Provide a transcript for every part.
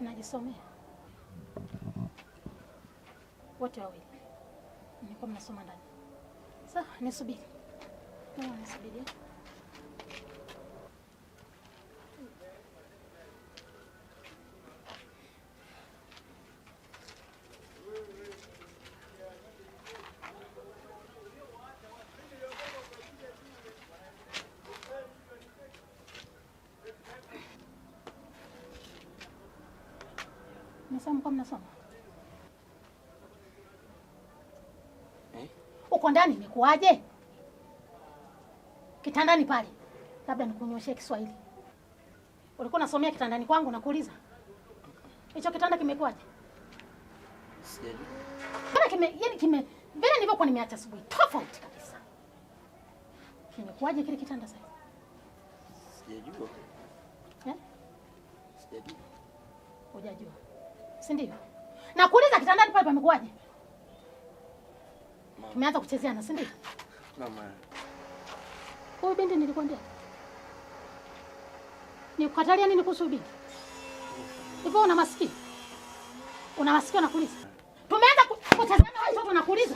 najisomea wote wawili, nilikuwa mnasoma ndani. Sawa, nisubiri, nisubiri. mnasema mnasoma eh? Uko ndani imekuwaje? Kitandani pale, labda nikunyoshee Kiswahili. Ulikuwa unasomea kitandani kwangu, nakuuliza hicho kitanda kimekuwaje? Sijajua. Kime, yani kime vile nilivyokuwa nimeacha asubuhi tofauti kabisa. Kimekuwaje kile kitanda sasa? Sijajua. Eh? Sijajua. Hujajua si ndio? Na kuuliza kitandani pale pamekuwaje? Tumeanza kuchezeana, si ndio? Mama. Huyu binti nilikwambia. Nikukatalia nini kuhusu binti? Hivyo una masikio? Una masikio nakuuliza. Tumeanza kuchezeana wewe mtoto nakuuliza.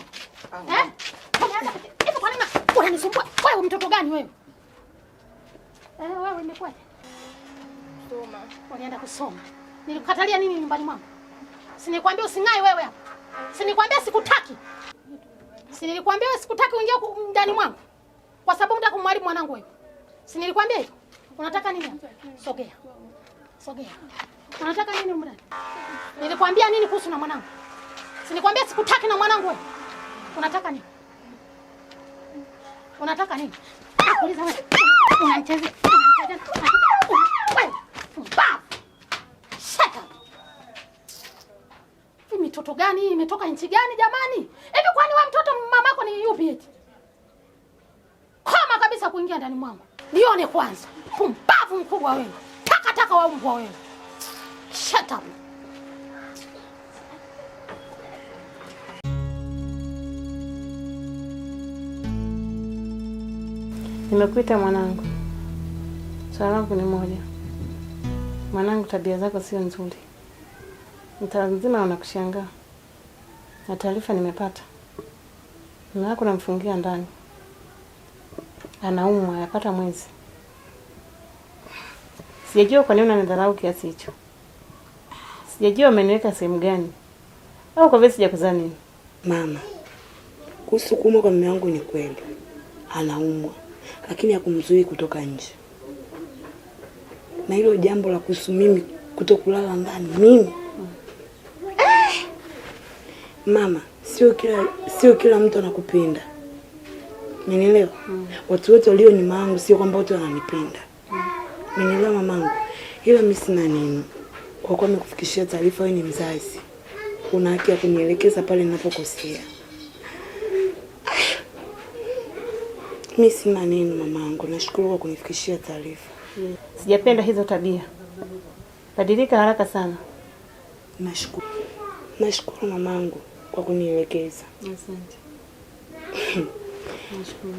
Eh? Tumeanza Hivi kwa nini unanisumbua? Wewe mtoto gani wewe? Eh, wewe imekwaje? Soma. Unaenda kusoma. Nilikukatalia nini nyumbani mwangu? Sinikwambia using'ai wewe hapa. Sinikwambia sikutaki. Sinilikwambia wewe sikutaki uingie ndani mwangu. Kwa sababu unataka kumharibu mwanangu wewe. Sinilikwambia hivyo. Unataka nini? Sogea. Sogea. Unataka nini umrani? Nilikwambia nini kuhusu na mwanangu? Sinikwambia sikutaki na mwanangu wewe. Unataka nini? Unataka nini? Nakuuliza wewe. Unanichezea. Unanichezea. mtoto gani? Imetoka nchi gani jamani? Hivi kwani wa mtoto mamako ni yupi eti? Koma kabisa kuingia ndani mwangu. Nione kwanza. Pumbavu mkubwa wewe. Taka taka wa mbwa wewe. Shut up. Nimekuita mwanangu. Salamu ni moja. Mwanangu, tabia zako sio nzuri mtaa mzima wanakushangaa, na taarifa nimepata, mume wako namfungia ndani, anaumwa, yapata mwezi. Sijajua kwa nini unanidharau kiasi hicho, sijajua umeniweka sehemu gani, au kwa vile sijakuzaa nini. Mama, kuhusu kuumwa kwa mume wangu ni kweli anaumwa, lakini hakumzuii kutoka nje, na hilo jambo la kuhusu mimi kutokulala ndani mimi Mama, sio kila sio kila mtu anakupenda, umenielewa? mm. watu wote walio nyuma yangu sio kwamba wote wananipenda, mm. umenielewa mm. mamangu, ila mimi sina neno kwa kuwa nimekufikishia taarifa. Wewe ni mzazi, una haki ya kunielekeza pale ninapokosea. Mimi sina neno mamangu, nashukuru kwa kunifikishia taarifa. mm. Sijapenda hizo tabia, badilika haraka sana. Nashukuru, nashukuru mamangu kwa kunielekeza. Asante.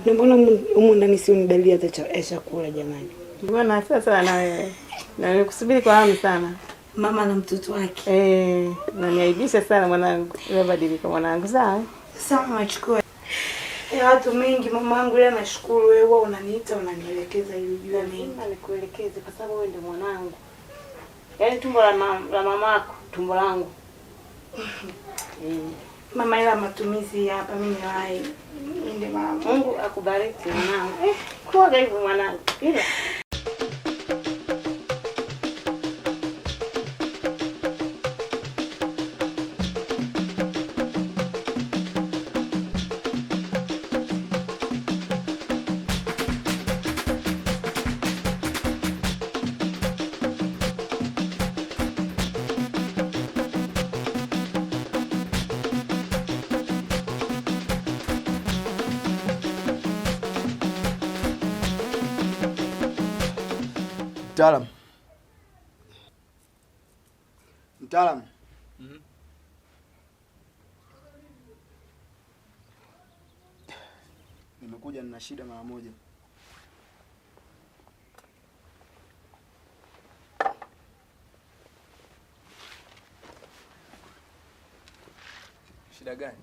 Na mbona humu ndani si unidalia hata eh, chakula jamani? Mbona sasa na wewe. Na nikusubiri kwa hamu sana. Mama na mtoto wake. Eh, na niaibisha sana mwanangu. Umebadilika mwanangu sawa? Sawa mama Ya eh, watu mengi mamangu yeye anashukuru wewe wewe unaniita unanielekeza ili jua mimi. nini. Nikuelekeze kwa sababu wewe ndio mwanangu. Yaani tumbo la mama, la mamako, tumbo langu. Eh. mama, ila matumizi hapa mimi niwahi. Mungu akubariki mwanangu. Eh, kuoga hivyo mwanangu, ila Mtaalam, mtaalam, Mhm. Nimekuja nina shida mara moja. Shida gani?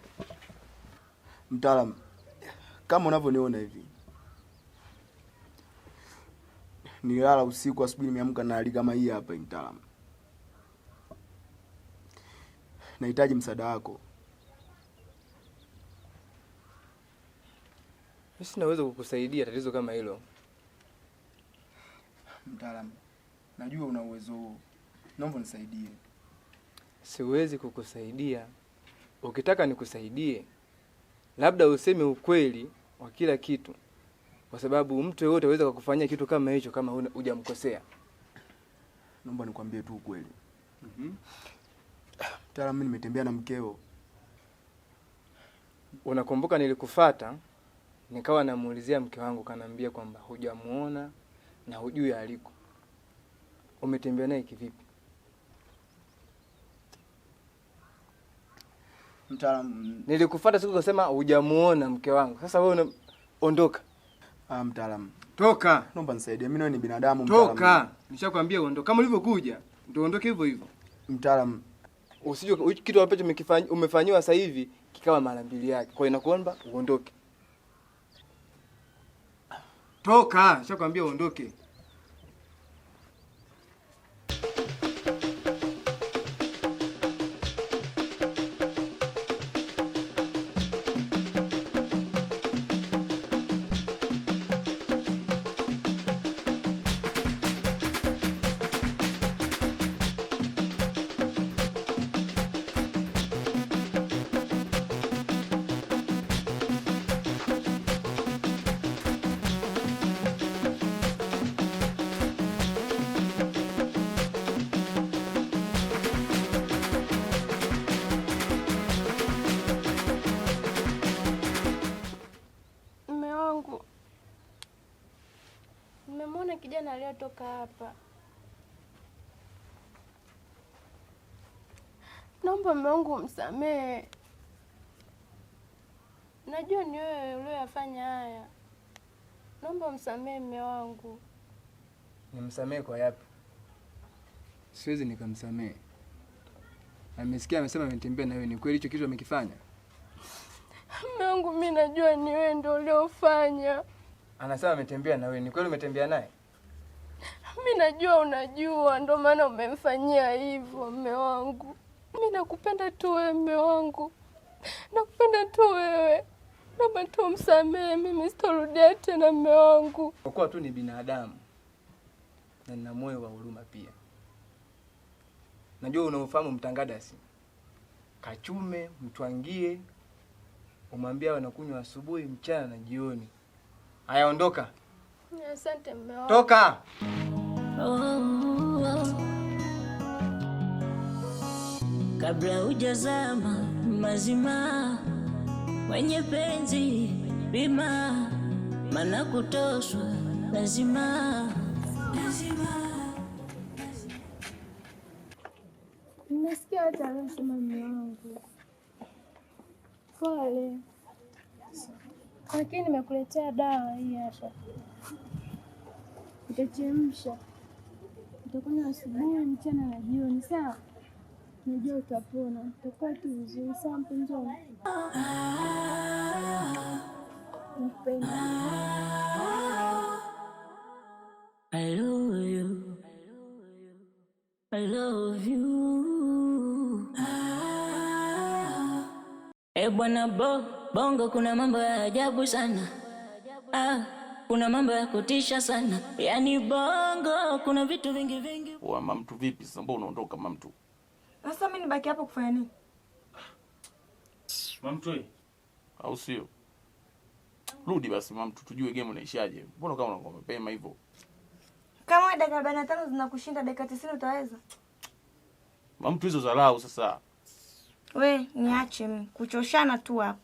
Mtaalam, kama unavyoniona hivi nilala usiku, asubuhi nimeamka na hali kama hii hapa. mtaalam nahitaji msaada wako. Sina kukusaidia tatizo kama hilo. mtaalam najua una uwezo huo, naomba nisaidie. Siwezi kukusaidia. Ukitaka nikusaidie, labda useme ukweli wa kila kitu kwa sababu mtu yeyote aweza kukufanyia kitu kama hicho kama hujamkosea. Naomba nikwambie tu ukweli. mm -hmm. mimi nimetembea na mkeo. Unakumbuka nilikufata nikawa namuulizia mke wangu, kanaambia kwamba hujamuona na hujui aliko. Umetembea naye kivipi? Mtaalamu, mm. nilikufuata siku ukasema hujamuona mke wangu. Sasa wewe ondoka. Ah, mtaalamu. Toka. Naomba nisaidie. Mimi ni binadamu mtaalamu. Toka. Nishakwambia uondoke. Kama ulivyokuja, Ndoondoke hivyo hivyo. Mtaalamu. Usije kitu ambacho umefanyiwa sasa hivi kikawa mara mbili yake. Kwa hiyo nakuomba uondoke. Toka. Nishakwambia uondoke. kijana aliyotoka hapa. Naomba mume wangu msamehe, najua ni wewe ulioyafanya haya. Naomba msamehe mume wangu. Nimsamehe kwa yapi? Siwezi nikamsamehe. Amesikia amesema ametembea na wewe. Ni kweli hicho kitu amekifanya? Mume wangu, mimi najua ni wewe ndio uliofanya. Anasema ametembea na wewe. Ni kweli umetembea naye? Mi najua unajua, ndo maana umemfanyia hivyo mme wangu. Mi nakupenda tu wewe mme wangu, nakupenda tu wewe, naomba tu msamehe, mimi sitorudia tena mme wangu. Kwa tu ni binadamu na nina moyo wa huruma pia. Najua unaofahamu mtangadasi kachume, mtwangie, umwambia wanakunywa asubuhi, mchana na jioni. Haya, ondoka. Asante mme wangu. Toka. kabla hujazama mazima, wenye penzi bima, mana kutoswa lazima Nasikia hata wanasema mume wangu pole, lakini nimekuletea dawa hii hapa, itachemsha utakunywa asubuhi, mchana na jioni, sawa? Najua utapona, utakuwa tu vizuri. Sawa mpenzi wangu, nakupenda. Eh, bwana bo, bongo kuna mambo ya ajabu sana. Ah, kuna mambo ya kutisha sana. Yaani bongo kuna vitu vingi vingi. Wa mamtu vipi? Sasa mbona unaondoka mamtu? Sasa mimi nibaki hapo kufanya nini? Mamtoi. Au sio? Rudi basi mamtu tujue game unaishaje. Mbona kama unakuwa umepema hivyo? Kama dakika arobaini na tano zinakushinda dakika tisini utaweza? Mamtu hizo dharau sasa. We, niache mimi kuchoshana tu hapa.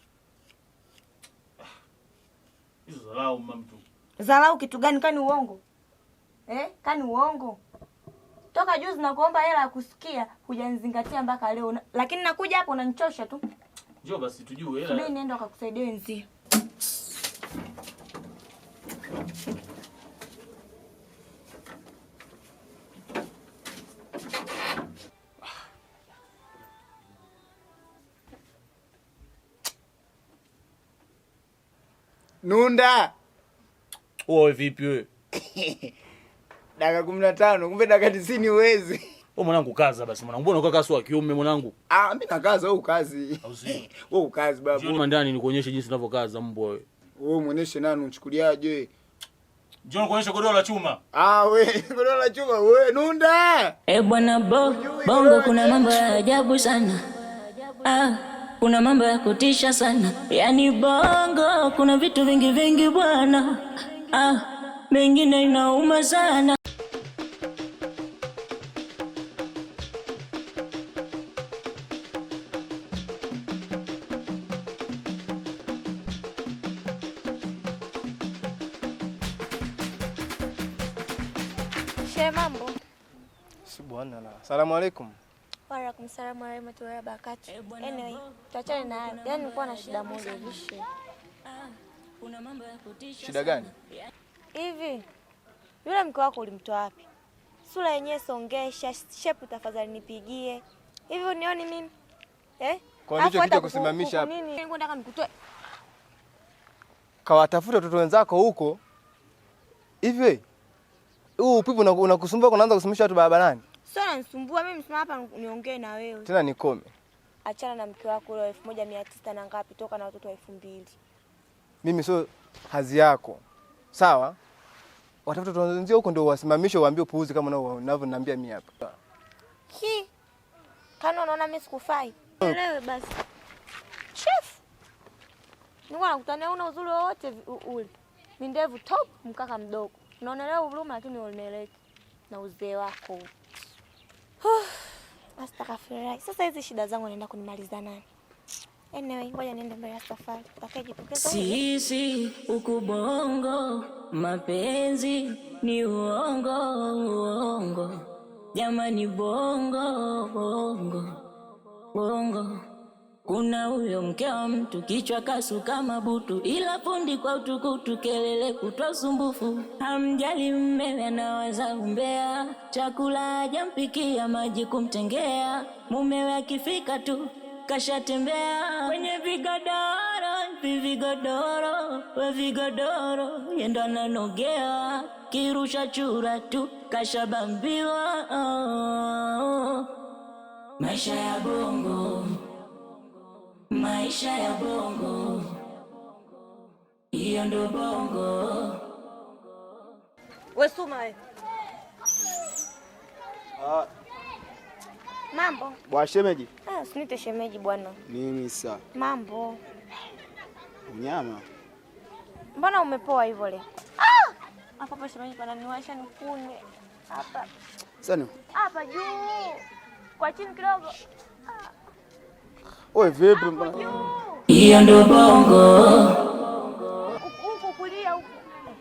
Hizo dharau mamtu. Dharau kitu gani kani uongo? Eh? Kani uongo? Toka juzi nakuomba hela ya kusikia, hujanizingatia mpaka leo, lakini nakuja hapo unanichosha tu. Njoo basi tujue hela. Mimi nenda akakusaidia wenzio. Nunda. Oh, vipi wewe? dakika kumi na tano kumbe dakika tisini uwezi Wewe mwanangu kaza basi mwanangu. Mbona unakaa kazi wa kiume mwanangu? Ah, mimi nakaza wewe ukazi. Wewe ukazi babu. Njoo ndani nikuonyeshe jinsi unavyokaza mbwa wewe. Wewe muoneshe nani unchukuliaje? Njoo nikuonyeshe godoro la chuma. Ah, we, godoro la chuma we nunda. Eh, bwana bo, bongo kuna mambo ya ajabu sana. Ah, kuna mambo ya kutisha sana. Yaani bongo kuna vitu vingi vingi bwana. Ah, mengine inauma sana. sana. Salamu alaikum. Wa alaikum salaam wa rahmatullahi wa barakatuh. Eh, anyway, tuachane na hayo. Yaani nilikuwa na shida moja hivi. Ah, una mambo ya kutisha. Shida gani? Hivi. Yule mke wako ulimtoa wapi? Sura yenyewe songesha, shepu tafadhali nipigie. Hivi unioni mimi? Eh? Kwa nini kitu kusimamisha hapa? Mimi nataka nikutoe. Kawatafuta watoto wenzako huko. Hivi. Huu upipo unakusumbua unaanza kusimamisha watu barabarani. Sio nanisumbua mimi, msimama hapa niongee na wewe. Tena nikome. Achana na mke wako yule elfu moja mia tisa na ngapi toka na watoto wa elfu mbili. Mimi sio hazi yako. Sawa? Watoto wenzio huko ndio wasimamisho waambie upuuzi kama nao unavyoniambia mimi hapa. Ki. Kana unaona mimi sikufai. Elewe basi. Chef. Nikuwa nakutania una uzuri wote ule. Ni ndevu top, mkaka mdogo. Unaonelea huruma lakini unaeleweki na uzee wako. Astaghfirullah. Sasa hizi shida zangu naenda kunimaliza nani? Anyway, ngoja niende mbele ya safari. sisi huku Bongo, mapenzi ni uongo uongo, jamani, bongo bongo bongo kuna huyo mke wa mtu kichwa kama butu, ila fundi kwa utukutu, kelele kutwa usumbufu. Hamjali mmewe anawaza umbea, chakula ajampikia, maji kumtengea. Mumewe akifika tu kashatembea kwenye vigodoro vi vigodoro we vigodoro, yendo ananogewa kirusha chura tu kashabambiwa. Oh, oh, oh. Maisha ya bongo Maisha ya bongo, hiyo ndo bongo. We Suma, we ah. Mambo bwa shemeji. Ah, sinite shemeji bwana. Mimi sa mambo unyama. Mbona umepoa hivyo le? Ah! Hapa shemeji pana niwaisha nikunywe. Hapa. Sani. hapa juu. Kwa chini kidogo. Wewe vipi mbona? Hiyo ndo bongo. Huko kulia huko.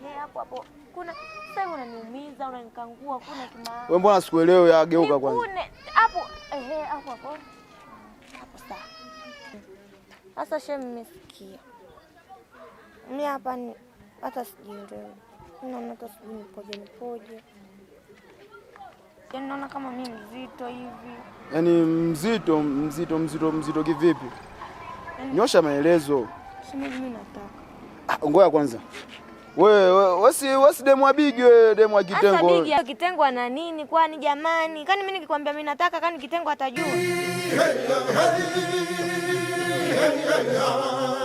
Ehe, hapo hapo. Kuna sasa unaniumiza, unanikangua, kuna kimaa. Wewe mbona sikuelewi ya geuka kwanza. Kuna hapo ehe, hapo hapo. Hapo sawa. Sasa shemu mmesikia. Mimi hapa ni hata sijielewi. Naona hata sijui nipoje nipoje. Yani naona kama mimi mzito hivi. Yani mzito mzito mzito mzito kivipi? Yani, Nyosha maelezo. Shemeji, mimi nataka. Ah, ngoja kwanza. Wewe wasi wasi demu wa bigi wewe demu wa kitengo. Sasa bigi kitengo ana nini kwani jamani? Kani mimi nikikwambia mimi nataka kani kitengo atajua. Hey, hey, hey, hey, hey, hey, hey, hey.